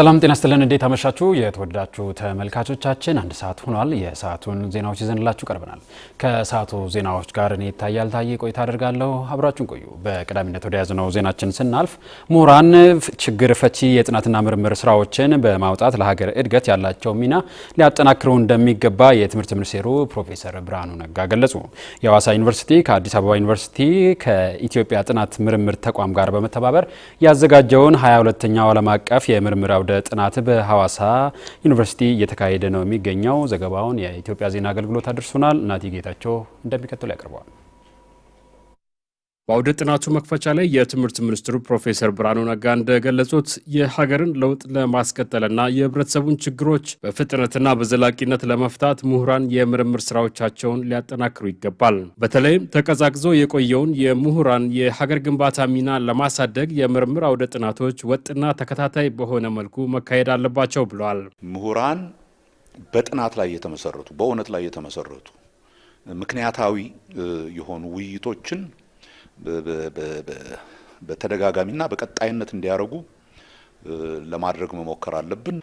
ሰላም ጤና ስትልን እንዴት አመሻችሁ? የተወደዳችሁ ተመልካቾቻችን አንድ ሰዓት ሆኗል። የሰዓቱን ዜናዎች ይዘንላችሁ ቀርበናል። ከሰዓቱ ዜናዎች ጋር እኔ ይታያል ታዬ ቆይታ አደርጋለሁ። አብራችሁን ቆዩ። በቀዳሚነት ወደ ያዝነው ዜናችን ስናልፍ ምሁራን ችግር ፈቺ የጥናትና ምርምር ስራዎችን በማውጣት ለሀገር እድገት ያላቸው ሚና ሊያጠናክሩ እንደሚገባ የትምህርት ሚኒስቴሩ ፕሮፌሰር ብርሃኑ ነጋ ገለጹ። የሀዋሳ ዩኒቨርሲቲ ከአዲስ አበባ ዩኒቨርሲቲ ከኢትዮጵያ ጥናት ምርምር ተቋም ጋር በመተባበር ያዘጋጀውን 22ኛው ዓለም አቀፍ የምርምር አውደ አውደ ጥናት በሀዋሳ ዩኒቨርሲቲ እየተካሄደ ነው የሚገኘው። ዘገባውን የኢትዮጵያ ዜና አገልግሎት አድርሶናል። እናቲ ጌታቸው እንደሚከተሉ ያቀርበዋል። በአውደ ጥናቱ መክፈቻ ላይ የትምህርት ሚኒስትሩ ፕሮፌሰር ብርሃኑ ነጋ እንደገለጹት የሀገርን ለውጥ ለማስቀጠልና የህብረተሰቡን ችግሮች በፍጥነትና በዘላቂነት ለመፍታት ምሁራን የምርምር ስራዎቻቸውን ሊያጠናክሩ ይገባል። በተለይም ተቀዛቅዞ የቆየውን የምሁራን የሀገር ግንባታ ሚና ለማሳደግ የምርምር አውደ ጥናቶች ወጥና ተከታታይ በሆነ መልኩ መካሄድ አለባቸው ብለዋል። ምሁራን በጥናት ላይ የተመሰረቱ በእውነት ላይ የተመሰረቱ ምክንያታዊ የሆኑ ውይይቶችን በተደጋጋሚና በቀጣይነት እንዲያደርጉ ለማድረግ መሞከር አለብን።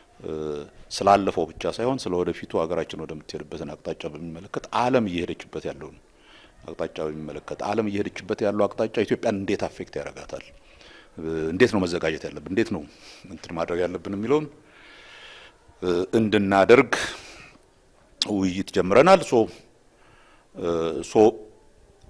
ስላለፈው ብቻ ሳይሆን ስለ ወደፊቱ ሀገራችን ወደምትሄድበትን አቅጣጫ በሚመለከት ዓለም እየሄደችበት ያለውን አቅጣጫ በሚመለከት ዓለም እየሄደችበት ያለው አቅጣጫ ኢትዮጵያን እንዴት አፌክት ያደርጋታል? እንዴት ነው መዘጋጀት ያለብን? እንዴት ነው እንትን ማድረግ ያለብን የሚለውን እንድናደርግ ውይይት ጀምረናል። ሶ ሶ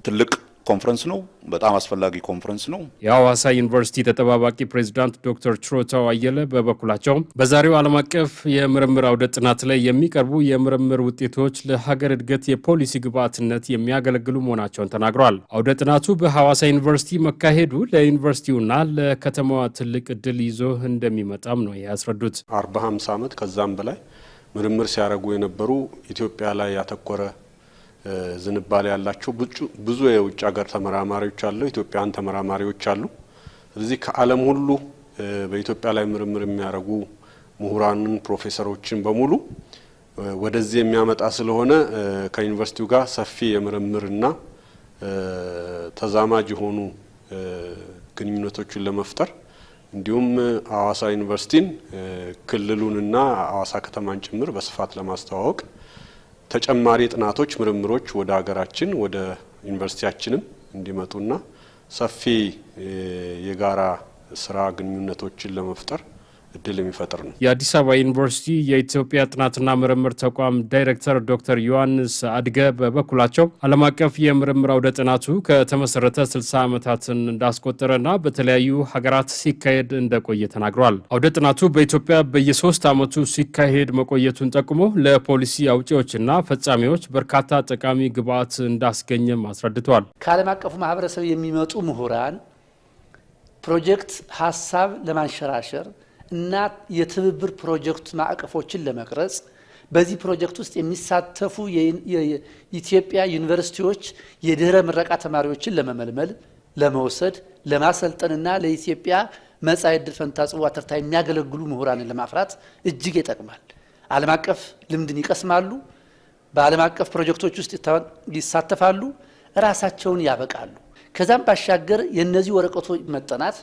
ትልቅ ኮንፈረንስ ነው። በጣም አስፈላጊ ኮንፈረንስ ነው። የሐዋሳ ዩኒቨርሲቲ ተጠባባቂ ፕሬዚዳንት ዶክተር ችሮታው አየለ በበኩላቸው በዛሬው ዓለም አቀፍ የምርምር አውደ ጥናት ላይ የሚቀርቡ የምርምር ውጤቶች ለሀገር እድገት የፖሊሲ ግብዓትነት የሚያገለግሉ መሆናቸውን ተናግረዋል። አውደ ጥናቱ በሐዋሳ ዩኒቨርሲቲ መካሄዱ ለዩኒቨርሲቲውና ለከተማዋ ትልቅ እድል ይዞ እንደሚመጣም ነው ያስረዱት። አርባ ሃምሳ ዓመት ከዛም በላይ ምርምር ሲያደርጉ የነበሩ ኢትዮጵያ ላይ ያተኮረ ዝንባሌ ያላቸው ብዙ የውጭ ሀገር ተመራማሪዎች አሉ፣ ኢትዮጵያን ተመራማሪዎች አሉ። ስለዚህ ከዓለም ሁሉ በኢትዮጵያ ላይ ምርምር የሚያደርጉ ምሁራንን፣ ፕሮፌሰሮችን በሙሉ ወደዚህ የሚያመጣ ስለሆነ ከዩኒቨርሲቲው ጋር ሰፊ የምርምርና ተዛማጅ የሆኑ ግንኙነቶችን ለመፍጠር እንዲሁም ሀዋሳ ዩኒቨርሲቲን ክልሉንና ሀዋሳ ከተማን ጭምር በስፋት ለማስተዋወቅ ተጨማሪ ጥናቶች፣ ምርምሮች ወደ ሀገራችን ወደ ዩኒቨርሲቲያችንም እንዲመጡና ሰፊ የጋራ ስራ ግንኙነቶችን ለመፍጠር እድል የሚፈጥር ነው። የአዲስ አበባ ዩኒቨርሲቲ የኢትዮጵያ ጥናትና ምርምር ተቋም ዳይሬክተር ዶክተር ዮሐንስ አድገ በበኩላቸው ዓለም አቀፍ የምርምር አውደ ጥናቱ ከተመሰረተ 60 ዓመታትን እንዳስቆጠረና በተለያዩ ሀገራት ሲካሄድ እንደቆየ ተናግረዋል። አውደ ጥናቱ በኢትዮጵያ በየሶስት ዓመቱ ሲካሄድ መቆየቱን ጠቁሞ ለፖሊሲ አውጪዎችና ፈጻሚዎች በርካታ ጠቃሚ ግብዓት እንዳስገኘም አስረድተዋል። ከዓለም አቀፉ ማህበረሰብ የሚመጡ ምሁራን ፕሮጀክት ሀሳብ ለማንሸራሸር እና የትብብር ፕሮጀክት ማዕቀፎችን ለመቅረጽ በዚህ ፕሮጀክት ውስጥ የሚሳተፉ የኢትዮጵያ ዩኒቨርሲቲዎች የድህረ ምረቃ ተማሪዎችን ለመመልመል፣ ለመውሰድ፣ ለማሰልጠንና ለኢትዮጵያ መጻኢ ዕድል ፈንታ ጽዋ ተርታ የሚያገለግሉ ምሁራንን ለማፍራት እጅግ ይጠቅማል። ዓለም አቀፍ ልምድን ይቀስማሉ። በዓለም አቀፍ ፕሮጀክቶች ውስጥ ይሳተፋሉ፣ ራሳቸውን ያበቃሉ። ከዛም ባሻገር የእነዚህ ወረቀቶች መጠናት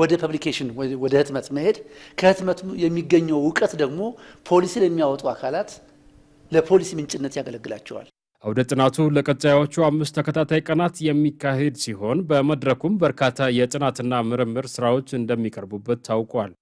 ወደ ፐብሊኬሽን ወደ ህትመት መሄድ፣ ከህትመቱ የሚገኘው እውቀት ደግሞ ፖሊሲ ለሚያወጡ አካላት ለፖሊሲ ምንጭነት ያገለግላቸዋል። አውደ ጥናቱ ለቀጣዮቹ አምስት ተከታታይ ቀናት የሚካሄድ ሲሆን በመድረኩም በርካታ የጥናትና ምርምር ስራዎች እንደሚቀርቡበት ታውቋል።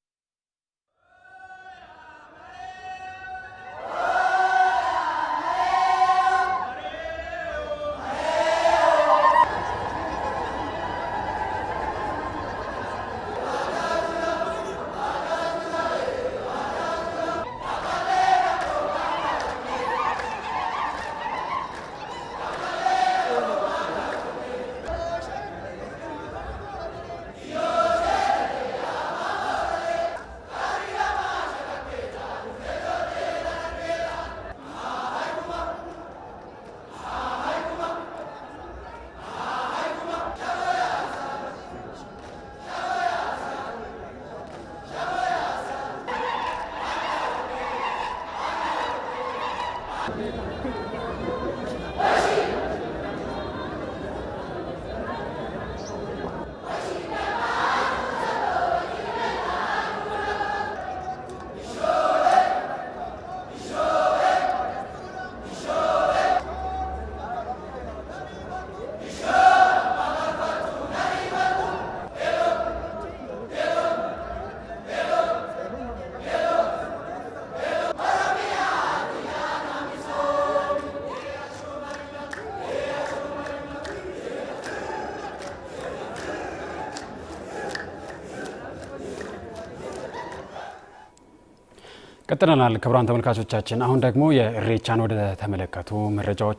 ቀጥለናል ክቡራን ተመልካቾቻችን። አሁን ደግሞ የኢሬቻን ወደ ተመለከቱ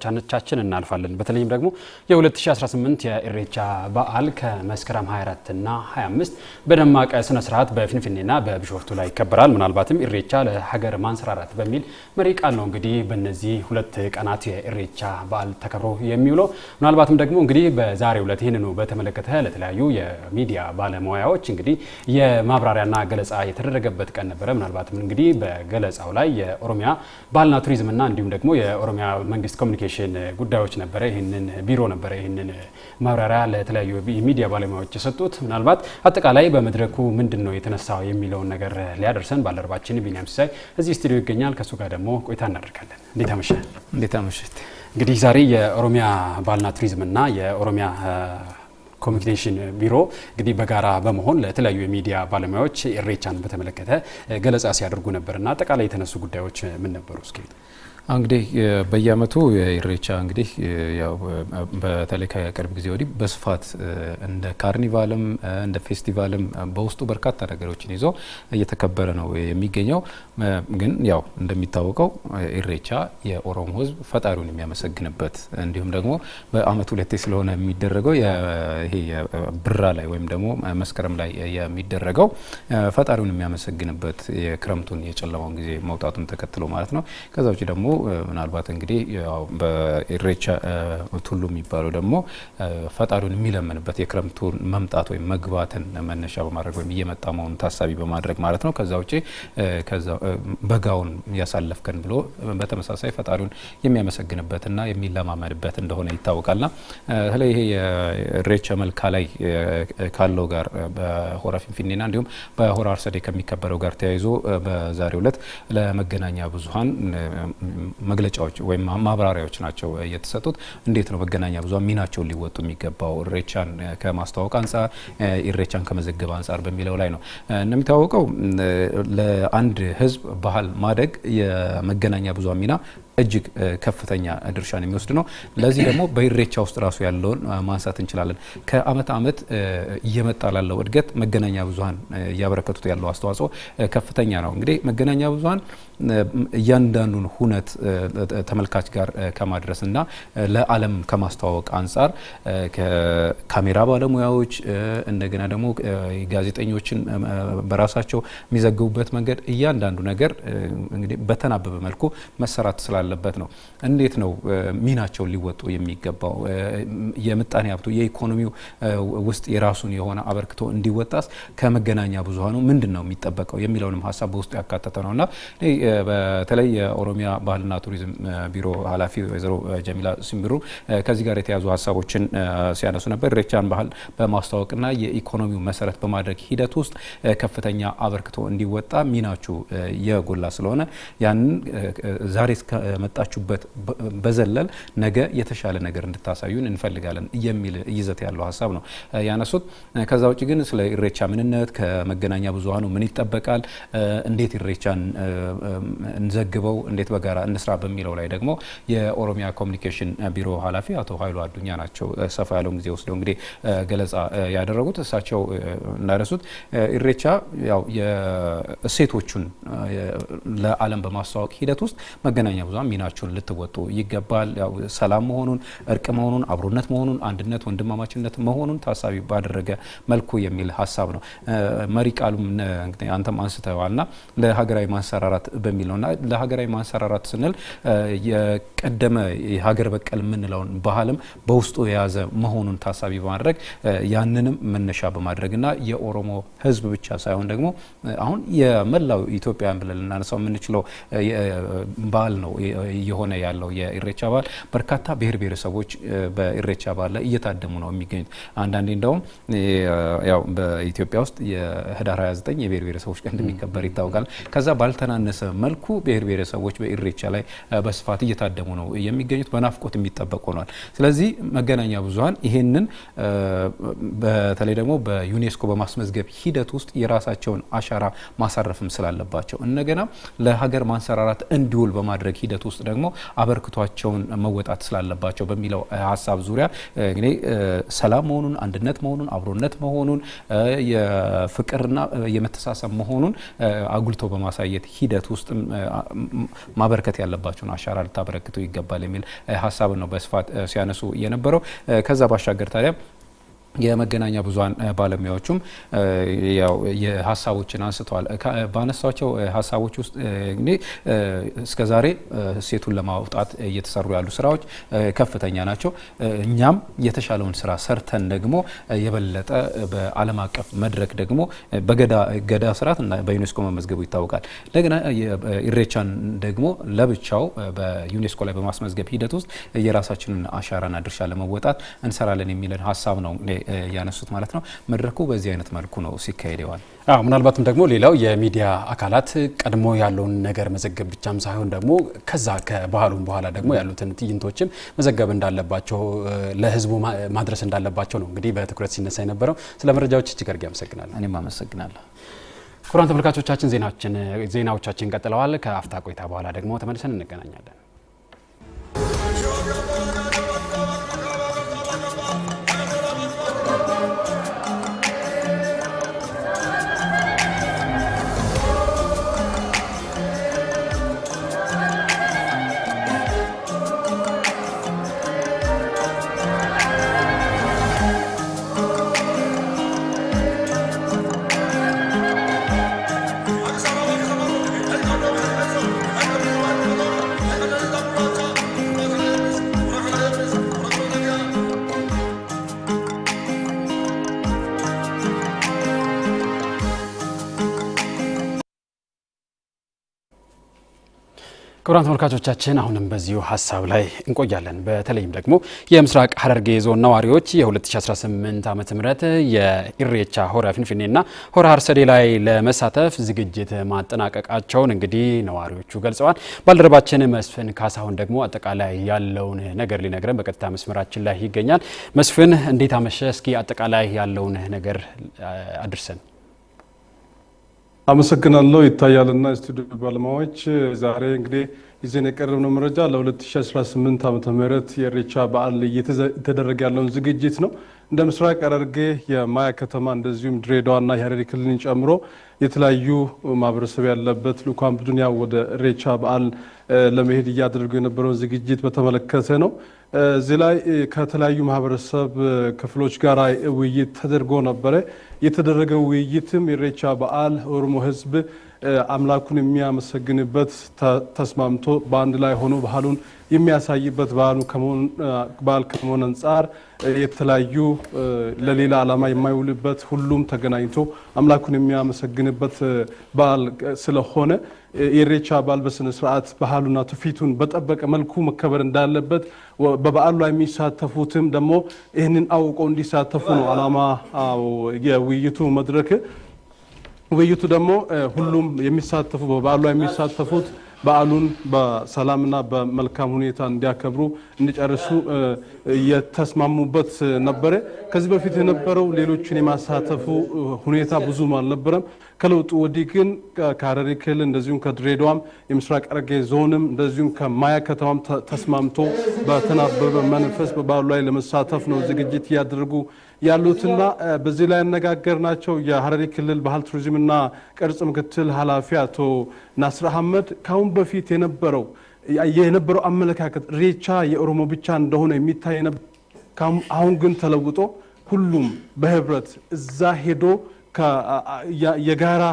አነቻችን እናልፋለን። በተለይም ደግሞ የ2018 የኢሬቻ በዓል ከመስከረም 24 እና 25 በደማቀ ስነ ስርዓት በፊንፊኔና በቢሾፍቱ ላይ ይከበራል። ምናልባትም ኢሬቻ ለሀገር ማንሰራራት በሚል መሪ ቃል ነው እንግዲህ በእነዚህ ሁለት ቀናት የኢሬቻ በዓል ተከብሮ የሚውለው። ምናልባትም ደግሞ እንግዲህ በዛሬው ዕለት ይህንኑ በተመለከተ ለተለያዩ የሚዲያ ባለሙያዎች እንግዲህ የማብራሪያና ገለጻ የተደረገበት ቀን ነበረ። ምናልባትም እንግዲህ ገለጻው ላይ የኦሮሚያ ባህልና ቱሪዝምና እንዲሁም ደግሞ የኦሮሚያ መንግስት ኮሚኒኬሽን ጉዳዮች ነበረ ይህንን ቢሮ ነበረ ይህንን ማብራሪያ ለተለያዩ የሚዲያ ባለሙያዎች የሰጡት። ምናልባት አጠቃላይ በመድረኩ ምንድን ነው የተነሳው የሚለውን ነገር ሊያደርሰን ባልደረባችን ቢኒያም ሲሳይ እዚህ ስቱዲዮ ይገኛል። ከእሱ ጋር ደግሞ ቆይታ እናደርጋለን። እንዴት አመሸ? እንዴት አመሸት? እንግዲህ ዛሬ የኦሮሚያ ባህልና ቱሪዝምና የኦሮሚያ ኮሚኒኬሽን ቢሮ እንግዲህ በጋራ በመሆን ለተለያዩ የሚዲያ ባለሙያዎች ኢሬቻን በተመለከተ ገለጻ ሲያደርጉ ነበርና አጠቃላይ የተነሱ ጉዳዮች ምን ነበሩ? እስኪ እንግዲህ በየዓመቱ የኢሬቻ እንግዲህ ያው በተለይ ከቅርብ ጊዜ ወዲህ በስፋት እንደ ካርኒቫልም እንደ ፌስቲቫልም በውስጡ በርካታ ነገሮችን ይዞ እየተከበረ ነው የሚገኘው። ግን ያው እንደሚታወቀው ኢሬቻ የኦሮሞ ሕዝብ ፈጣሪውን የሚያመሰግንበት እንዲሁም ደግሞ በአመቱ ሁለቴ ስለሆነ የሚደረገው ይሄ ብራ ላይ ወይም ደግሞ መስከረም ላይ የሚደረገው ፈጣሪውን የሚያመሰግንበት የክረምቱን የጨለማውን ጊዜ መውጣቱን ተከትሎ ማለት ነው። ከዛ ውጭ ደግሞ ምናልባት እንግዲህ በኢሬቻ ቱሉ የሚባለው ደግሞ ፈጣሪውን የሚለምንበት የክረምቱን መምጣት ወይም መግባትን መነሻ በማድረግ ወይም እየመጣ መሆኑን ታሳቢ በማድረግ ማለት ነው። ከዛ ውጭ በጋውን ያሳለፍከን ብሎ በተመሳሳይ ፈጣሪውን የሚያመሰግንበትና የሚለማመድበት እንደሆነ ይታወቃልና በተለይ ይሄ የኢሬቻ መልካ ላይ ካለው ጋር በሆራ ፊንፊኔና እንዲሁም በሆራ አርሰዴ ከሚከበረው ጋር ተያይዞ በዛሬው ዕለት ለመገናኛ ብዙሃን። መግለጫዎች ወይም ማብራሪያዎች ናቸው የተሰጡት። እንዴት ነው መገናኛ ብዙ ሚናቸውን ሊወጡ የሚገባው እሬቻን ከማስተዋወቅ አንጻር፣ ኢሬቻን ከመዘገብ አንጻር በሚለው ላይ ነው። እንደሚታወቀው ለአንድ ህዝብ ባህል ማደግ የመገናኛ ብዙ ሚና እጅግ ከፍተኛ ድርሻን የሚወስድ ነው። ለዚህ ደግሞ በኢሬቻ ውስጥ ራሱ ያለውን ማንሳት እንችላለን። ከአመት አመት እየመጣ ላለው እድገት መገናኛ ብዙሀን እያበረከቱት ያለው አስተዋጽኦ ከፍተኛ ነው። እንግዲህ መገናኛ ብዙሀን እያንዳንዱን ሁነት ተመልካች ጋር ከማድረስ እና ለዓለም ከማስተዋወቅ አንጻር ከካሜራ ባለሙያዎች እንደገና ደግሞ ጋዜጠኞችን በራሳቸው የሚዘግቡበት መንገድ እያንዳንዱ ነገር እንግዲህ በተናበበ መልኩ መሰራት ስላለበት ነው። እንዴት ነው ሚናቸው ሊወጡ የሚገባው? የምጣኔ ሀብቱ የኢኮኖሚው ውስጥ የራሱን የሆነ አበርክቶ እንዲወጣስ ከመገናኛ ብዙሀኑ ምንድን ነው የሚጠበቀው የሚለውንም ሀሳብ በውስጡ ያካተተ ነው እና በተለይ የኦሮሚያ ባህልና ቱሪዝም ቢሮ ኃላፊ ወይዘሮ ጀሚላ ሲምብሩ ከዚህ ጋር የተያዙ ሀሳቦችን ሲያነሱ ነበር። ኢሬቻን ባህል በማስተዋወቅና የኢኮኖሚው መሰረት በማድረግ ሂደት ውስጥ ከፍተኛ አበርክቶ እንዲወጣ ሚናችሁ የጎላ ስለሆነ ያንን ዛሬ እስከመጣችሁበት በዘለል ነገ የተሻለ ነገር እንድታሳዩን እንፈልጋለን የሚል ይዘት ያለው ሀሳብ ነው ያነሱት። ከዛ ውጭ ግን ስለ ኢሬቻ ምንነት ከመገናኛ ብዙሀኑ ምን ይጠበቃል፣ እንዴት ኢሬቻን እንዘግበው፣ እንዴት በጋራ እንስራ በሚለው ላይ ደግሞ የኦሮሚያ ኮሚኒኬሽን ቢሮ ኃላፊ አቶ ሀይሉ አዱኛ ናቸው ሰፋ ያለውን ጊዜ ወስደው እንግዲህ ገለጻ ያደረጉት። እሳቸው እንዳነሱት ኢሬቻ ያው ለአለም ለዓለም በማስተዋወቅ ሂደት ውስጥ መገናኛ ብዙ ሚናችሁን ልትወጡ ይገባል። ሰላም መሆኑን፣ እርቅ መሆኑን፣ አብሮነት መሆኑን፣ አንድነት ወንድማማችነት መሆኑን ታሳቢ ባደረገ መልኩ የሚል ሀሳብ ነው። መሪ ቃሉም አንተም አንስተዋልና ለሀገራዊ ማንሰራራት በሚል ነው እና ለሀገራዊ ማንሰራራት ስንል የቀደመ የሀገር በቀል የምንለውን ባህልም በውስጡ የያዘ መሆኑን ታሳቢ በማድረግ ያንንም መነሻ በማድረግ እና የኦሮሞ ህዝብ ብቻ ሳይሆን ደግሞ አሁን የመላው ኢትዮጵያን ብለን ልናነሳው የምንችለው በዓል ነው እየሆነ ያለው የኢሬቻ በዓል። በርካታ ብሔር ብሔረሰቦች በኢሬቻ በዓል ላይ እየታደሙ ነው የሚገኙት። አንዳንዴ እንደውም ያው በኢትዮጵያ ውስጥ የህዳር 29 የብሔር ብሔረሰቦች ቀን እንደሚከበር ይታወቃል። ከዛ ባልተናነሰ መልኩ ብሔር ብሔረሰቦች በኢሬቻ ላይ በስፋት እየታደሙ ነው የሚገኙት። በናፍቆት የሚጠበቅ ሆኗል። ስለዚህ መገናኛ ብዙሀን ይሄንን በተለይ ደግሞ በዩኔስኮ በማስመዝገብ ሂደት ውስጥ የራሳቸውን አሻራ ማሳረፍም ስላለባቸው እንደገና ለሀገር ማንሰራራት እንዲውል በማድረግ ሂደት ውስጥ ደግሞ አበርክቷቸውን መወጣት ስላለባቸው በሚለው ሀሳብ ዙሪያ እንግዲህ ሰላም መሆኑን አንድነት መሆኑን አብሮነት መሆኑን የፍቅርና የመተሳሰብ መሆኑን አጉልቶ በማሳየት ሂደት ውስጥ ውስጥም ማበረከት ያለባቸውን አሻራ ልታበረክቱ ይገባል የሚል ሀሳብን ነው በስፋት ሲያነሱ የነበረው። ከዛ ባሻገር ታዲያ የመገናኛ ብዙሃን ባለሙያዎቹም ሀሳቦችን የሀሳቦችን አንስተዋል። ባነሳቸው ሀሳቦች ውስጥ እንግዲህ እስከዛሬ ሴቱን ለማውጣት እየተሰሩ ያሉ ስራዎች ከፍተኛ ናቸው። እኛም የተሻለውን ስራ ሰርተን ደግሞ የበለጠ በዓለም አቀፍ መድረክ ደግሞ በገዳ ስርዓት በዩኔስኮ መመዝገቡ ይታወቃል። እንደገና ኢሬቻን ደግሞ ለብቻው በዩኔስኮ ላይ በማስመዝገብ ሂደት ውስጥ የራሳችንን አሻራና ድርሻ ለመወጣት እንሰራለን የሚለን ሀሳብ ነው ያነሱት ማለት ነው። መድረኩ በዚህ አይነት መልኩ ነው ሲካሄድ ይዋል። አዎ ምናልባትም ደግሞ ሌላው የሚዲያ አካላት ቀድሞ ያለውን ነገር መዘገብ ብቻም ሳይሆን ደግሞ ከዛ ከባህሉም በኋላ ደግሞ ያሉትን ትዕይንቶችም መዘገብ እንዳለባቸው ለህዝቡ ማድረስ እንዳለባቸው ነው እንግዲህ በትኩረት ሲነሳ የነበረው። ስለ መረጃዎች እጅግ አድርጌ አመሰግናለሁ። እኔም አመሰግናለሁ። ክቡራን ተመልካቾቻችን ዜናዎቻችን ቀጥለዋል። ከአፍታ ቆይታ በኋላ ደግሞ ተመልሰን እንገናኛለን። ክቡራን ተመልካቾቻችን አሁንም በዚሁ ሀሳብ ላይ እንቆያለን። በተለይም ደግሞ የምስራቅ ሐረርጌ ዞን ነዋሪዎች የ2018 ዓ ም የኢሬቻ ሆረ ፊንፊኔና ሆረ ሀርሰዴ ላይ ለመሳተፍ ዝግጅት ማጠናቀቃቸውን እንግዲህ ነዋሪዎቹ ገልጸዋል። ባልደረባችን መስፍን ካሳሁን ደግሞ አጠቃላይ ያለውን ነገር ሊነግረን በቀጥታ መስመራችን ላይ ይገኛል። መስፍን እንዴት አመሸ? እስኪ አጠቃላይ ያለውን ነገር አድርሰን አመሰግናለሁ ይታያልና ስቱዲዮ ባለሙያዎች ዛሬ እንግዲህ ይዘን የቀረብነው መረጃ ለ2018 ዓ ም የኢሬቻ በዓል እየተደረገ ያለውን ዝግጅት ነው። እንደ ምስራቅ ሐረርጌ የማያ ከተማ እንደዚሁም ድሬዳዋና የሀረሪ ክልልን ጨምሮ የተለያዩ ማህበረሰብ ያለበት ልኡካን ቡድን ያው ወደ ኢሬቻ በዓል ለመሄድ እያደረጉ የነበረውን ዝግጅት በተመለከተ ነው። እዚህ ላይ ከተለያዩ ማህበረሰብ ክፍሎች ጋር ውይይት ተደርጎ ነበረ። የተደረገው ውይይትም የኢሬቻ በዓል ኦሮሞ ህዝብ አምላኩን የሚያመሰግንበት ተስማምቶ በአንድ ላይ ሆኖ ባህሉን የሚያሳይበት በዓል ከመሆን አንጻር የተለያዩ ለሌላ ዓላማ የማይውልበት ሁሉም ተገናኝቶ አምላኩን የሚያመሰግንበት በዓል ስለሆነ የኢሬቻ በዓል በስነ ስርዓት ባህሉና ትውፊቱን በጠበቀ መልኩ መከበር እንዳለበት በበዓሉ ላይ የሚሳተፉትም ደግሞ ይህንን አውቆ እንዲሳተፉ ነው ዓላማ የውይይቱ መድረክ ውይይቱ ደግሞ ሁሉም የሚሳተፉ በበዓሉ የሚሳተፉት በዓሉን በሰላምና በመልካም ሁኔታ እንዲያከብሩ እንዲጨርሱ የተስማሙበት ነበረ። ከዚህ በፊት የነበረው ሌሎችን የማሳተፉ ሁኔታ ብዙም አልነበረም። ከለውጡ ወዲህ ግን ከሀረሪ ክልል እንደዚሁም ከድሬዳዋም የምስራቅ ሐረርጌ ዞንም እንደዚሁም ከማያ ከተማም ተስማምቶ በተናበበ መንፈስ በበዓሉ ላይ ለመሳተፍ ነው ዝግጅት እያደረጉ ያሉትና በዚህ ላይ ያነጋገርናቸው የሀረሪ ክልል ባህል ቱሪዝምና ቅርጽ ምክትል ኃላፊ አቶ ናስር አህመድ ካሁን በፊት የነበረው የነበረው አመለካከት ሬቻ የኦሮሞ ብቻ እንደሆነ የሚታይ አሁን ግን ተለውጦ ሁሉም በህብረት እዛ ሄዶ የጋራ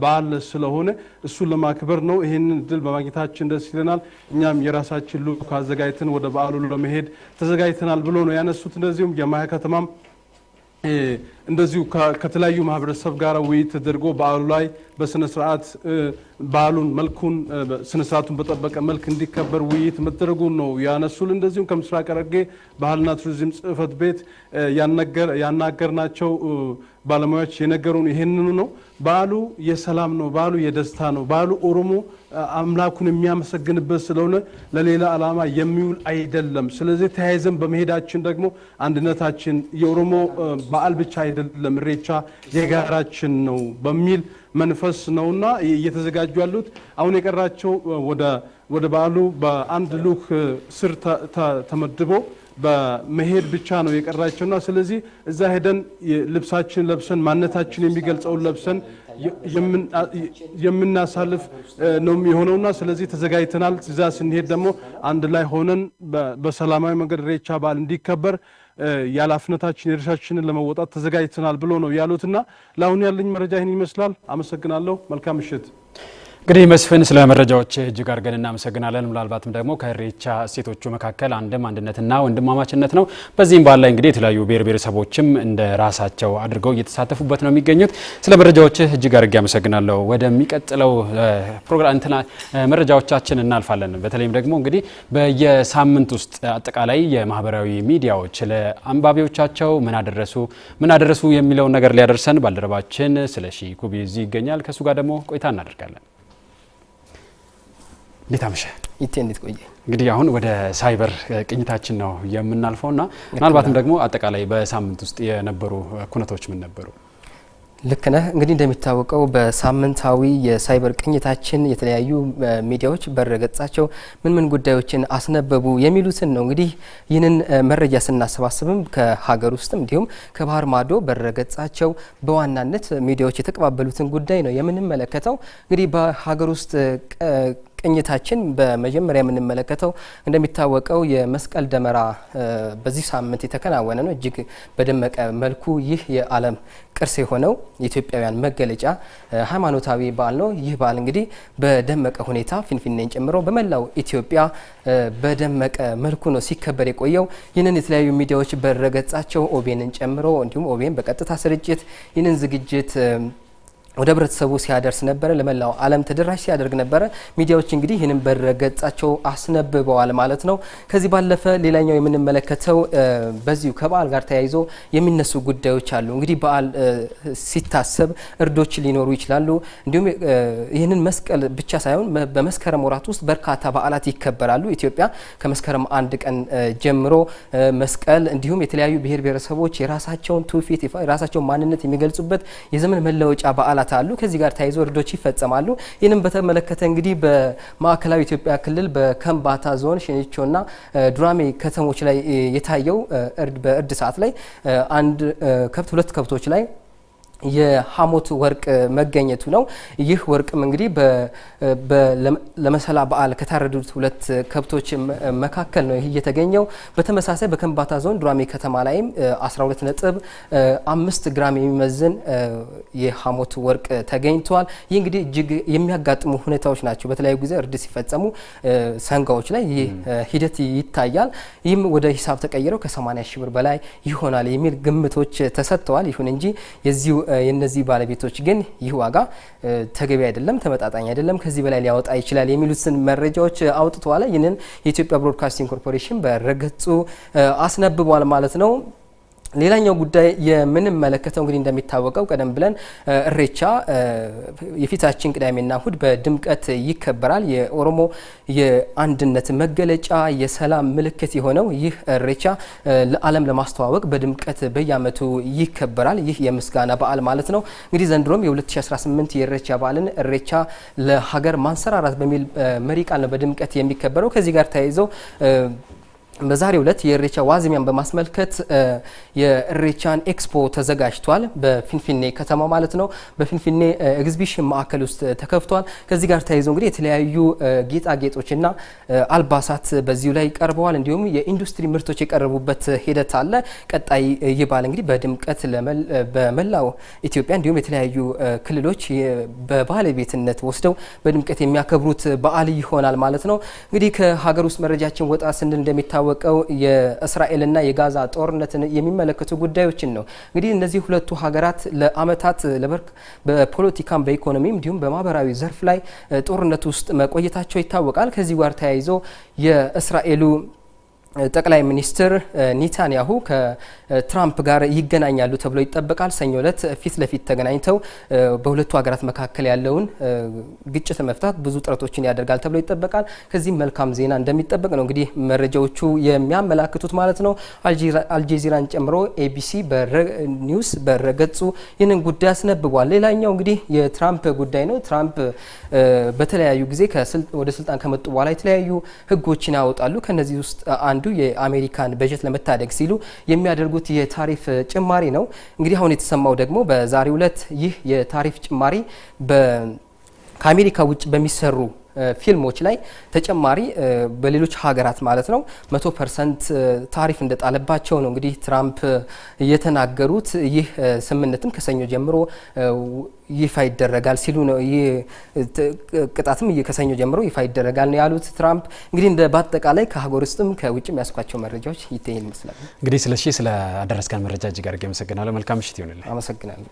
በዓል ስለሆነ እሱን ለማክበር ነው። ይህንን እድል በማግኘታችን ደስ ይለናል። እኛም የራሳችን ልኡክ አዘጋጅተን ወደ በዓሉ ለመሄድ ተዘጋጅተናል ብሎ ነው ያነሱት። እንደዚሁም የማያ ከተማም እንደዚሁ ከተለያዩ ማህበረሰብ ጋር ውይይት ተደርጎ በዓሉ ላይ በስነ ስርዓት በዓሉን መልኩን ስነ ስርዓቱን በጠበቀ መልክ እንዲከበር ውይይት መደረጉን ነው ያነሱል። እንደዚሁም ከምስራቅ ሐረርጌ ባህልና ቱሪዝም ጽህፈት ቤት ያናገር ናቸው። ባለሙያዎች የነገሩን ይሄንኑ ነው። በዓሉ የሰላም ነው። በዓሉ የደስታ ነው። በዓሉ ኦሮሞ አምላኩን የሚያመሰግንበት ስለሆነ ለሌላ ዓላማ የሚውል አይደለም። ስለዚህ ተያይዘን በመሄዳችን ደግሞ አንድነታችን የኦሮሞ በዓል ብቻ አይደለም፣ ሬቻ የጋራችን ነው በሚል መንፈስ ነውና እየተዘጋጁ ያሉት አሁን የቀራቸው ወደ በዓሉ በአንድ ልኡክ ስር ተመድቦ በመሄድ ብቻ ነው የቀራቸውና ስለዚህ እዛ ሄደን ልብሳችን ለብሰን ማንነታችን የሚገልጸውን ለብሰን የምናሳልፍ ነው የሆነውና ስለዚህ ተዘጋጅተናል። እዛ ስንሄድ ደግሞ አንድ ላይ ሆነን በሰላማዊ መንገድ ኢሬቻ በዓል እንዲከበር የኃላፊነታችን የድርሻችንን ለመወጣት ተዘጋጅተናል ብሎ ነው ያሉትና ለአሁን ያለኝ መረጃ ይህን ይመስላል። አመሰግናለሁ። መልካም ምሽት። እንግዲህ መስፍን ስለ መረጃዎች እጅግ አድርገን እናመሰግናለን። ምናልባትም ደግሞ ከኢሬቻ እሴቶቹ መካከል አንድም አንድነትና ወንድማማችነት ነው። በዚህም በዓል ላይ እንግዲህ የተለያዩ ብሔር ብሔረሰቦችም እንደ ራሳቸው አድርገው እየተሳተፉበት ነው የሚገኙት። ስለ መረጃዎች እጅግ አድርጌ አመሰግናለሁ። ወደሚቀጥለው ፕሮግራም እንትና መረጃዎቻችን እናልፋለን። በተለይም ደግሞ እንግዲህ በየሳምንት ውስጥ አጠቃላይ የማህበራዊ ሚዲያዎች ለአንባቢዎቻቸው ምን አደረሱ ምን አደረሱ የሚለውን ነገር ሊያደርሰን ባልደረባችን ስለሺ ኩቢ እዚህ ይገኛል። ከእሱ ጋር ደግሞ ቆይታ እናደርጋለን። እንዴት አመሸ ይቴ እንዴት ቆየ። እንግዲህ አሁን ወደ ሳይበር ቅኝታችን ነው የምናልፈው እና ምናልባትም ደግሞ አጠቃላይ በሳምንት ውስጥ የነበሩ ኩነቶች ምን ነበሩ? ልክ ነህ። እንግዲህ እንደሚታወቀው በሳምንታዊ የሳይበር ቅኝታችን የተለያዩ ሚዲያዎች በረገጻቸው ምን ምን ጉዳዮችን አስነበቡ የሚሉትን ነው። እንግዲህ ይህንን መረጃ ስናሰባስብም ከሀገር ውስጥም እንዲሁም ከባህር ማዶ በረገጻቸው በዋናነት ሚዲያዎች የተቀባበሉትን ጉዳይ ነው የምንመለከተው። እንግዲህ በሀገር ውስጥ ቅኝታችን በመጀመሪያ የምንመለከተው እንደሚታወቀው የመስቀል ደመራ በዚህ ሳምንት የተከናወነ ነው። እጅግ በደመቀ መልኩ ይህ የዓለም ቅርስ የሆነው የኢትዮጵያውያን መገለጫ ሃይማኖታዊ በዓል ነው። ይህ በዓል እንግዲህ በደመቀ ሁኔታ ፊንፊኔን ጨምሮ በመላው ኢትዮጵያ በደመቀ መልኩ ነው ሲከበር የቆየው። ይህንን የተለያዩ ሚዲያዎች በረገጻቸው ኦቤንን ጨምሮ እንዲሁም ኦቤን በቀጥታ ስርጭት ይህንን ዝግጅት ወደ ህብረተሰቡ ሲያደርስ ነበረ። ለመላው ዓለም ተደራሽ ሲያደርግ ነበረ። ሚዲያዎች እንግዲህ ይህንን በረገጻቸው አስነብበዋል ማለት ነው። ከዚህ ባለፈ ሌላኛው የምንመለከተው በዚሁ ከበዓል ጋር ተያይዞ የሚነሱ ጉዳዮች አሉ። እንግዲህ በዓል ሲታሰብ እርዶች ሊኖሩ ይችላሉ። እንዲሁም ይህንን መስቀል ብቻ ሳይሆን በመስከረም ወራት ውስጥ በርካታ በዓላት ይከበራሉ። ኢትዮጵያ ከመስከረም አንድ ቀን ጀምሮ መስቀል እንዲሁም የተለያዩ ብሔር ብሔረሰቦች የራሳቸውን ትውፊት የራሳቸውን ማንነት የሚገልጹበት የዘመን መለወጫ በዓላት ተግባራት አሉ። ከዚህ ጋር ተያይዞ እርዶች ይፈጸማሉ። ይህንም በተመለከተ እንግዲህ በማዕከላዊ ኢትዮጵያ ክልል በከምባታ ዞን ሸኔቾና ዱራሜ ከተሞች ላይ የታየው በእርድ ሰዓት ላይ አንድ ከብት ሁለት ከብቶች ላይ የሐሞት ወርቅ መገኘቱ ነው። ይህ ወርቅም እንግዲህ ለመሰላ በዓል ከታረዱት ሁለት ከብቶች መካከል ነው ይህ የተገኘው። በተመሳሳይ በከንባታ ዞን ዱራሜ ከተማ ላይም 12 ነጥብ አምስት ግራም የሚመዝን የሐሞት ወርቅ ተገኝቷል። ይህ እንግዲህ እጅግ የሚያጋጥሙ ሁኔታዎች ናቸው። በተለያዩ ጊዜ እርድ ሲፈጸሙ ሰንጋዎች ላይ ይህ ሂደት ይታያል። ይህም ወደ ሂሳብ ተቀይረው ከ80 ሺ ብር በላይ ይሆናል የሚል ግምቶች ተሰጥተዋል። ይሁን እንጂ የዚሁ የእነዚህ ባለቤቶች ግን ይህ ዋጋ ተገቢ አይደለም፣ ተመጣጣኝ አይደለም፣ ከዚህ በላይ ሊያወጣ ይችላል የሚሉትን መረጃዎች አውጥተዋል። ይህንን የኢትዮጵያ ብሮድካስቲንግ ኮርፖሬሽን በረገጹ አስነብቧል ማለት ነው። ሌላኛው ጉዳይ የምንመለከተው እንግዲህ እንደሚታወቀው ቀደም ብለን እሬቻ የፊታችን ቅዳሜና እሁድ በድምቀት ይከበራል። የኦሮሞ የአንድነት መገለጫ የሰላም ምልክት የሆነው ይህ እሬቻ ለዓለም ለማስተዋወቅ በድምቀት በየዓመቱ ይከበራል። ይህ የምስጋና በዓል ማለት ነው። እንግዲህ ዘንድሮም የ2018 የእሬቻ በዓልን እሬቻ ለሀገር ማንሰራራት በሚል መሪ ቃል ነው በድምቀት የሚከበረው። ከዚህ ጋር ተያይዘው በዛሬው ዕለት የእሬቻ ዋዝሚያን በማስመልከት የእሬቻን ኤክስፖ ተዘጋጅቷል። በፊንፊኔ ከተማ ማለት ነው። በፊንፊኔ ኤግዚቢሽን ማዕከል ውስጥ ተከፍቷል። ከዚህ ጋር ተያይዞ እንግዲህ የተለያዩ ጌጣጌጦችና አልባሳት በዚሁ ላይ ቀርበዋል። እንዲሁም የኢንዱስትሪ ምርቶች የቀረቡበት ሂደት አለ። ቀጣይ ይባል እንግዲህ በድምቀት በመላው ኢትዮጵያ እንዲሁም የተለያዩ ክልሎች በባለቤትነት ወስደው በድምቀት የሚያከብሩት በዓል ይሆናል ማለት ነው። እንግዲህ ከሀገር ውስጥ መረጃችን ወጣ ስንል እንደሚታወ የሚታወቀው የእስራኤልና የጋዛ ጦርነትን የሚመለከቱ ጉዳዮችን ነው። እንግዲህ እነዚህ ሁለቱ ሀገራት ለአመታት በፖለቲካም በኢኮኖሚ እንዲሁም በማህበራዊ ዘርፍ ላይ ጦርነት ውስጥ መቆየታቸው ይታወቃል። ከዚህ ጋር ተያይዞ የእስራኤሉ ጠቅላይ ሚኒስትር ኔታንያሁ ከትራምፕ ጋር ይገናኛሉ ተብሎ ይጠበቃል። ሰኞ ዕለት ፊት ለፊት ተገናኝተው በሁለቱ ሀገራት መካከል ያለውን ግጭት መፍታት ብዙ ጥረቶችን ያደርጋል ተብሎ ይጠበቃል። ከዚህም መልካም ዜና እንደሚጠበቅ ነው እንግዲህ መረጃዎቹ የሚያመላክቱት ማለት ነው። አልጀዚራን ጨምሮ ኤቢሲ ኒውስ በረገጹ ይህንን ጉዳይ አስነብቧል። ሌላኛው እንግዲህ የትራምፕ ጉዳይ ነው። ትራምፕ በተለያዩ ጊዜ ወደ ስልጣን ከመጡ በኋላ የተለያዩ ህጎችን ያወጣሉ። ከነዚህ ውስጥ አንዱ አንዱ የአሜሪካን በጀት ለመታደግ ሲሉ የሚያደርጉት የታሪፍ ጭማሪ ነው። እንግዲህ አሁን የተሰማው ደግሞ በዛሬው ዕለት ይህ የታሪፍ ጭማሪ ከአሜሪካ ውጭ በሚሰሩ ፊልሞች ላይ ተጨማሪ በሌሎች ሀገራት ማለት ነው መቶ ፐርሰንት ታሪፍ እንደጣለባቸው ነው እንግዲህ ትራምፕ የተናገሩት። ይህ ስምምነትም ከሰኞ ጀምሮ ይፋ ይደረጋል ሲሉ ነው። ይህ ቅጣትም ከሰኞ ጀምሮ ይፋ ይደረጋል ነው ያሉት ትራምፕ። እንግዲህ እንደ በአጠቃላይ ከሀገር ውስጥም ከውጭ የሚያስኳቸው መረጃዎች ይተይን ይመስላል። እንግዲህ ስለሺ ስለ አደረስከን መረጃ እጅግ አድርጌ አመሰግናለሁ። መልካም ምሽት ይሆንልን። አመሰግናለሁ።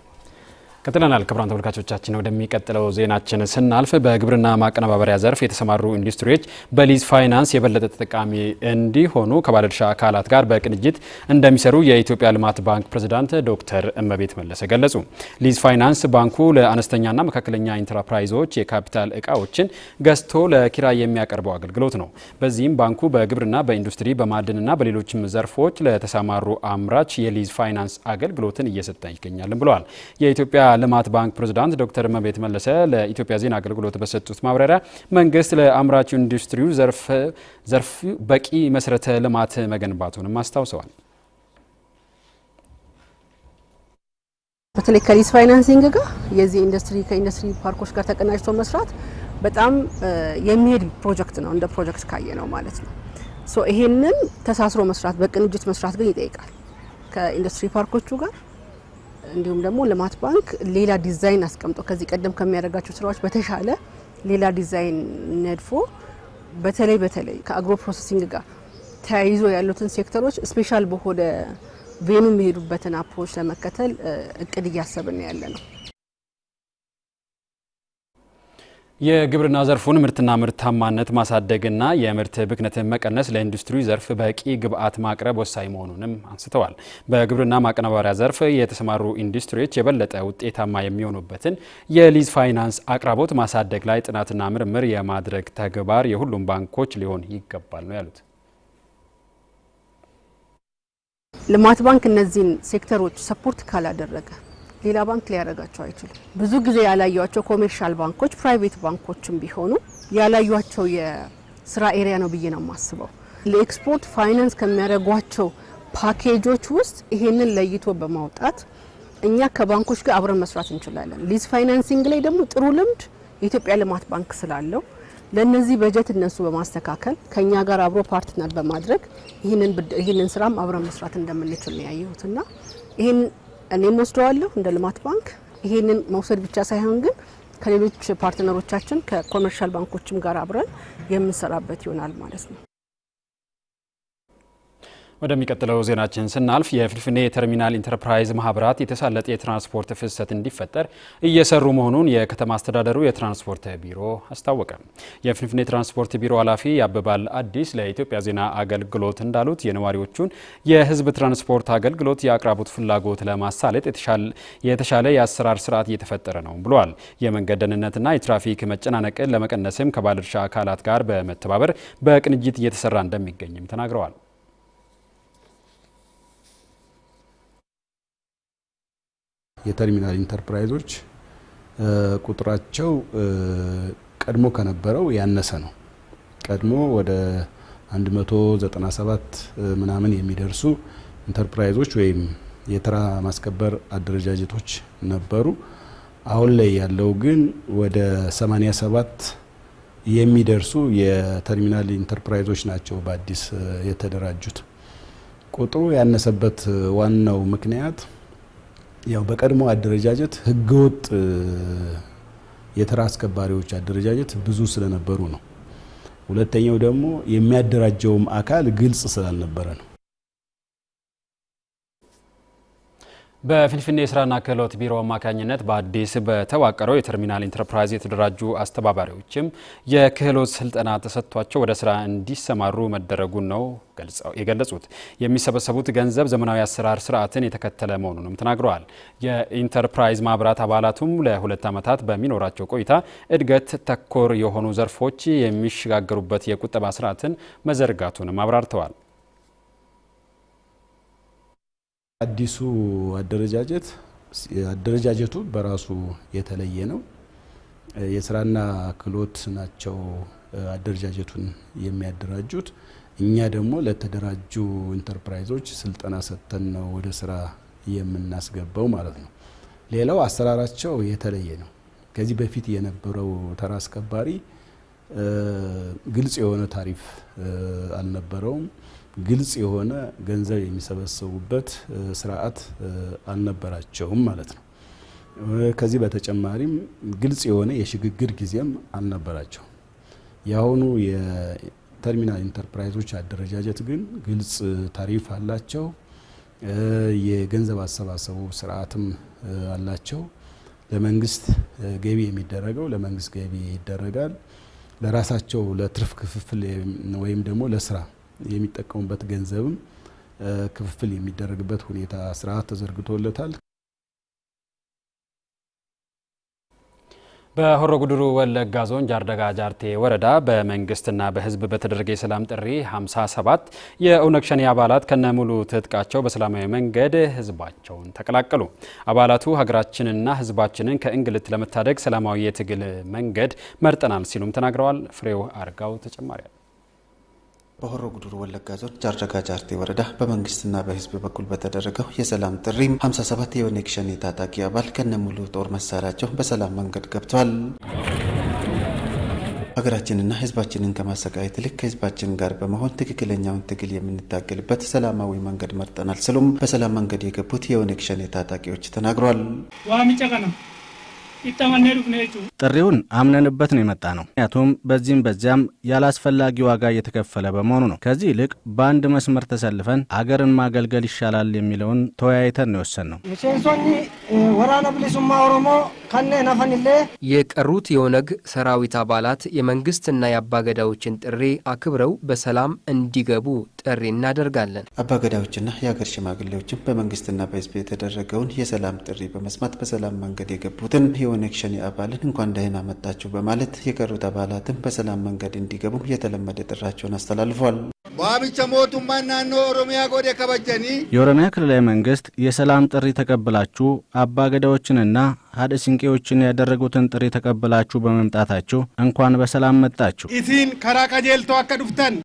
ቀጥለናል ክቡራን ተመልካቾቻችን፣ ወደሚቀጥለው ዜናችን ስናልፍ በግብርና ማቀነባበሪያ ዘርፍ የተሰማሩ ኢንዱስትሪዎች በሊዝ ፋይናንስ የበለጠ ተጠቃሚ እንዲሆኑ ከባለድርሻ አካላት ጋር በቅንጅት እንደሚሰሩ የኢትዮጵያ ልማት ባንክ ፕሬዚዳንት ዶክተር እመቤት መለሰ ገለጹ። ሊዝ ፋይናንስ ባንኩ ለአነስተኛና መካከለኛ ኢንተርፕራይዞች የካፒታል እቃዎችን ገዝቶ ለኪራይ የሚያቀርበው አገልግሎት ነው። በዚህም ባንኩ በግብርና፣ በኢንዱስትሪ፣ በማዕድንና በሌሎችም ዘርፎች ለተሰማሩ አምራች የሊዝ ፋይናንስ አገልግሎትን እየሰጠ ይገኛልን ብለዋል። የኢትዮጵያ ልማት ባንክ ፕሬዝዳንት ዶክተር እመቤት መለሰ ለኢትዮጵያ ዜና አገልግሎት በሰጡት ማብራሪያ መንግስት ለአምራች ኢንዱስትሪው ዘርፍ በቂ መሰረተ ልማት መገንባቱንም አስታውሰዋል። በተለይ ከሊስ ፋይናንሲንግ ጋር የዚህ ኢንዱስትሪ ከኢንዱስትሪ ፓርኮች ጋር ተቀናጅቶ መስራት በጣም የሚሄድ ፕሮጀክት ነው፣ እንደ ፕሮጀክት ካየ ነው ማለት ነው። ሶ ይሄንን ተሳስሮ መስራት በቅንጅት መስራት ግን ይጠይቃል ከኢንዱስትሪ ፓርኮቹ ጋር እንዲሁም ደግሞ ልማት ባንክ ሌላ ዲዛይን አስቀምጦ ከዚህ ቀደም ከሚያደርጋቸው ስራዎች በተሻለ ሌላ ዲዛይን ነድፎ በተለይ በተለይ ከአግሮ ፕሮሰሲንግ ጋር ተያይዞ ያሉትን ሴክተሮች ስፔሻል በሆነ ቬኑ የሚሄዱበትን አፕሮች ለመከተል እቅድ እያሰብን ያለ ነው። የግብርና ዘርፉን ምርትና ምርታማነት ማሳደግና የምርት ብክነትን መቀነስ ለኢንዱስትሪ ዘርፍ በቂ ግብዓት ማቅረብ ወሳኝ መሆኑንም አንስተዋል። በግብርና ማቀነባበሪያ ዘርፍ የተሰማሩ ኢንዱስትሪዎች የበለጠ ውጤታማ የሚሆኑበትን የሊዝ ፋይናንስ አቅራቦት ማሳደግ ላይ ጥናትና ምርምር የማድረግ ተግባር የሁሉም ባንኮች ሊሆን ይገባል ነው ያሉት። ልማት ባንክ እነዚህን ሴክተሮች ሰፖርት ካላደረገ ሌላ ባንክ ሊያደርጋቸው አይችልም። ብዙ ጊዜ ያላዩቸው ኮሜርሻል ባንኮች፣ ፕራይቬት ባንኮችም ቢሆኑ ያላዩቸው የስራ ኤሪያ ነው ብዬ ነው የማስበው። ለኤክስፖርት ፋይናንስ ከሚያደርጓቸው ፓኬጆች ውስጥ ይሄንን ለይቶ በማውጣት እኛ ከባንኮች ጋር አብረን መስራት እንችላለን። ሊዝ ፋይናንሲንግ ላይ ደግሞ ጥሩ ልምድ የኢትዮጵያ ልማት ባንክ ስላለው ለነዚህ በጀት እነሱ በማስተካከል ከኛ ጋር አብሮ ፓርትነር በማድረግ ይህንን ስራም አብረን መስራት እንደምንችል ነው ያየሁትና ይህን እኔም ወስደዋለሁ እንደ ልማት ባንክ። ይሄንን መውሰድ ብቻ ሳይሆን ግን ከሌሎች ፓርትነሮቻችን ከኮመርሻል ባንኮችም ጋር አብረን የምንሰራበት ይሆናል ማለት ነው። ወደሚቀጥለው ዜናችን ስናልፍ የፍንፍኔ ተርሚናል ኢንተርፕራይዝ ማህበራት የተሳለጠ የትራንስፖርት ፍሰት እንዲፈጠር እየሰሩ መሆኑን የከተማ አስተዳደሩ የትራንስፖርት ቢሮ አስታወቀ። የፍንፍኔ ትራንስፖርት ቢሮ ኃላፊ ያበባል አዲስ ለኢትዮጵያ ዜና አገልግሎት እንዳሉት የነዋሪዎቹን የህዝብ ትራንስፖርት አገልግሎት የአቅራቦት ፍላጎት ለማሳለጥ የተሻለ የአሰራር ስርዓት እየተፈጠረ ነው ብለዋል። የመንገድ ደህንነትና የትራፊክ መጨናነቅን ለመቀነስም ከባለድርሻ አካላት ጋር በመተባበር በቅንጅት እየተሰራ እንደሚገኝም ተናግረዋል። የተርሚናል ኢንተርፕራይዞች ቁጥራቸው ቀድሞ ከነበረው ያነሰ ነው። ቀድሞ ወደ 197 ምናምን የሚደርሱ ኢንተርፕራይዞች ወይም የተራ ማስከበር አደረጃጀቶች ነበሩ። አሁን ላይ ያለው ግን ወደ 87 የሚደርሱ የተርሚናል ኢንተርፕራይዞች ናቸው በአዲስ የተደራጁት። ቁጥሩ ያነሰበት ዋናው ምክንያት ያው በቀድሞ አደረጃጀት ህገወጥ የተራ አስከባሪዎች አደረጃጀት ብዙ ስለነበሩ ነው። ሁለተኛው ደግሞ የሚያደራጀውም አካል ግልጽ ስላልነበረ ነው። በፍንፍኔ የስራና ክህሎት ቢሮ አማካኝነት በአዲስ በተዋቀረው የተርሚናል ኢንተርፕራይዝ የተደራጁ አስተባባሪዎችም የክህሎት ስልጠና ተሰጥቷቸው ወደ ስራ እንዲሰማሩ መደረጉን ነው የገለጹት። የሚሰበሰቡት ገንዘብ ዘመናዊ አሰራር ስርዓትን የተከተለ መሆኑንም ተናግረዋል። የኢንተርፕራይዝ ማህበራት አባላቱም ለሁለት ዓመታት በሚኖራቸው ቆይታ እድገት ተኮር የሆኑ ዘርፎች የሚሸጋገሩበት የቁጠባ ስርዓትን መዘርጋቱንም አብራርተዋል። አዲሱ አደረጃጀት አደረጃጀቱ በራሱ የተለየ ነው። የስራና ክህሎት ናቸው አደረጃጀቱን የሚያደራጁት። እኛ ደግሞ ለተደራጁ ኢንተርፕራይዞች ስልጠና ሰጥተን ነው ወደ ስራ የምናስገባው ማለት ነው። ሌላው አሰራራቸው የተለየ ነው። ከዚህ በፊት የነበረው ተራ አስከባሪ ግልጽ የሆነ ታሪፍ አልነበረውም። ግልጽ የሆነ ገንዘብ የሚሰበሰቡበት ስርዓት አልነበራቸውም ማለት ነው። ከዚህ በተጨማሪም ግልጽ የሆነ የሽግግር ጊዜም አልነበራቸውም። የአሁኑ የተርሚናል ኢንተርፕራይዞች አደረጃጀት ግን ግልጽ ታሪፍ አላቸው። የገንዘብ አሰባሰቡ ስርዓትም አላቸው። ለመንግስት ገቢ የሚደረገው ለመንግስት ገቢ ይደረጋል። ለራሳቸው ለትርፍ ክፍፍል ወይም ደግሞ ለስራ የሚጠቀሙበት ገንዘብም ክፍፍል የሚደረግበት ሁኔታ ስርዓት ተዘርግቶለታል። በሆሮ ጉድሩ ወለጋ ዞን ጃርደጋ ጃርቴ ወረዳ በመንግስትና በህዝብ በተደረገ የሰላም ጥሪ 57 የኦነግ ሸኔ አባላት ከነሙሉ ትጥቃቸው በሰላማዊ መንገድ ህዝባቸውን ተቀላቀሉ። አባላቱ ሀገራችንና ህዝባችንን ከእንግልት ለመታደግ ሰላማዊ የትግል መንገድ መርጠናል ሲሉም ተናግረዋል። ፍሬው አርጋው ተጨማሪ በሆሮ ጉዱሩ ወለጋ ዞን ጃርጃጋ ጃርቴ ወረዳ በመንግስትና በህዝብ በኩል በተደረገው የሰላም ጥሪም 57 የኦነግ ሸኔ ታጣቂ አባል ከነሙሉ ጦር መሳሪያቸው በሰላም መንገድ ገብቷል። ሀገራችንና ህዝባችንን ከማሰቃየት ይልቅ ከህዝባችን ጋር በመሆን ትክክለኛውን ትግል የምንታገልበት ሰላማዊ መንገድ መርጠናል ስሉም በሰላም መንገድ የገቡት የኦነግ ሸኔ ታጣቂዎች ተናግሯል። ጥሪውን አምነንበት ነው የመጣ ነው። ምክንያቱም በዚህም በዚያም ያላስፈላጊ ዋጋ እየተከፈለ በመሆኑ ነው። ከዚህ ይልቅ በአንድ መስመር ተሰልፈን አገርን ማገልገል ይሻላል የሚለውን ተወያይተን ነው የወሰን ነው። የቀሩት የኦነግ ሰራዊት አባላት የመንግስትና የአባገዳዎችን ጥሪ አክብረው በሰላም እንዲገቡ ጥሪ እናደርጋለን። አባገዳዎችና የአገር ሽማግሌዎችን በመንግስትና በህዝብ የተደረገውን የሰላም ጥሪ በመስማት በሰላም መንገድ የገቡትን የኦነግ ሸኔ አባልን እንኳን ደህና መጣችሁ በማለት የቀሩት አባላትም በሰላም መንገድ እንዲገቡ የተለመደ ጥራቸውን አስተላልፏል። ዋብቸ ሞቱማን ናኖ ኦሮሚያ ጎዴ ከበጀኒ የኦሮሚያ ክልላዊ መንግስት የሰላም ጥሪ ተቀብላችሁ አባ ገዳዎችንና ሀደ ስንቄዎችን ያደረጉትን ጥሪ ተቀብላችሁ በመምጣታችሁ እንኳን በሰላም መጣችሁ። ኢሲን ከራ ቀጀልቶ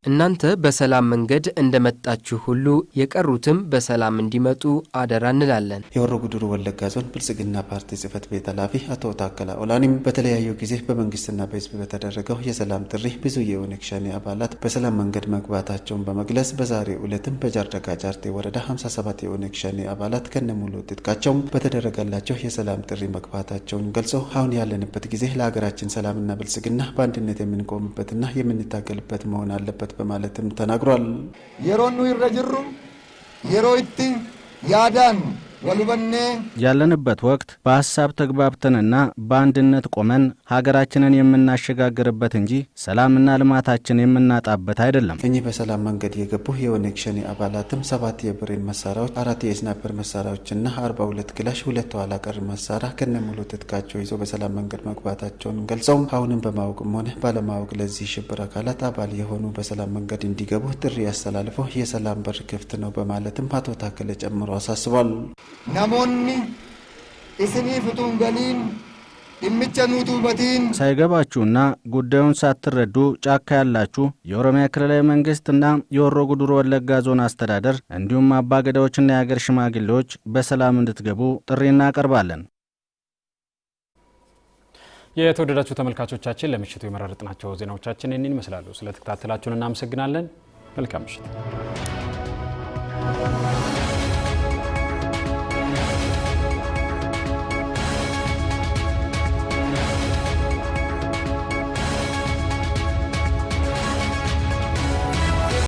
እናንተ በሰላም መንገድ እንደመጣችሁ ሁሉ የቀሩትም በሰላም እንዲመጡ አደራ እንላለን። የሆሮ ጉዱሩ ወለጋ ዞን ብልጽግና ፓርቲ ጽህፈት ቤት ኃላፊ አቶ ታከላ ኦላኒም በተለያዩ ጊዜ በመንግስትና በህዝብ በተደረገው የሰላም ጥሪ ብዙ የኦነግ ሸኔ አባላት በሰላም መንገድ መግባታቸውን በመግለጽ በዛሬው ዕለትም በጃርደጋ ጃርቴ ወረዳ 57 የኦነግ ሸኔ አባላት ከነሙሉ ትጥቃቸውም በተደረገላቸው የሰላም ጥሪ መግባታቸውን ገልጸው አሁን ያለንበት ጊዜ ለሀገራችን ሰላምና ብልጽግና በአንድነት የምንቆምበትና የምንታገልበት መሆን አለበት በማለትም ተናግሯል። የሮኑ ይረጅሩ የሮይቲ ያዳን ያለንበት ወቅት በሀሳብ ተግባብተንና በአንድነት ቆመን ሀገራችንን የምናሸጋግርበት እንጂ ሰላምና ልማታችን የምናጣበት አይደለም። እኚህ በሰላም መንገድ የገቡ የኦነግ ሸኔ አባላትም ሰባት የብሬን መሳሪያዎች፣ አራት የስናይፐር መሳሪያዎችና አርባ ሁለት ክላሽ፣ ሁለት ኋላ ቀር መሳሪያ ሙሉ ትጥቃቸው ይዘው በሰላም መንገድ መግባታቸውን ገልጸው አሁንም በማወቅም ሆነ ባለማወቅ ለዚህ ሽብር አካላት አባል የሆኑ በሰላም መንገድ እንዲገቡ ጥሪ ያስተላልፈው የሰላም በር ክፍት ነው በማለትም አቶ ታከለ ጨምሮ አሳስቧል። ነሞኒ እስኒፍ ቱን ገሊን ሳይገባችሁና ጉዳዩን ሳትረዱ ጫካ ያላችሁ የኦሮሚያ ክልላዊ መንግስትና የሆሮ ጉዱሩ ወለጋ ዞን አስተዳደር እንዲሁም አባ ገዳዎችና የአገር ሽማግሌዎች በሰላም እንድትገቡ ጥሪ እናቀርባለን። የተወደዳችሁ ተመልካቾቻችን ለምሽቱ የመረጥናቸው ዜናዎቻችን ይህንን ይመስላሉ። ስለተከታተላችሁን እናመሰግናለን። መልካም ምሽት።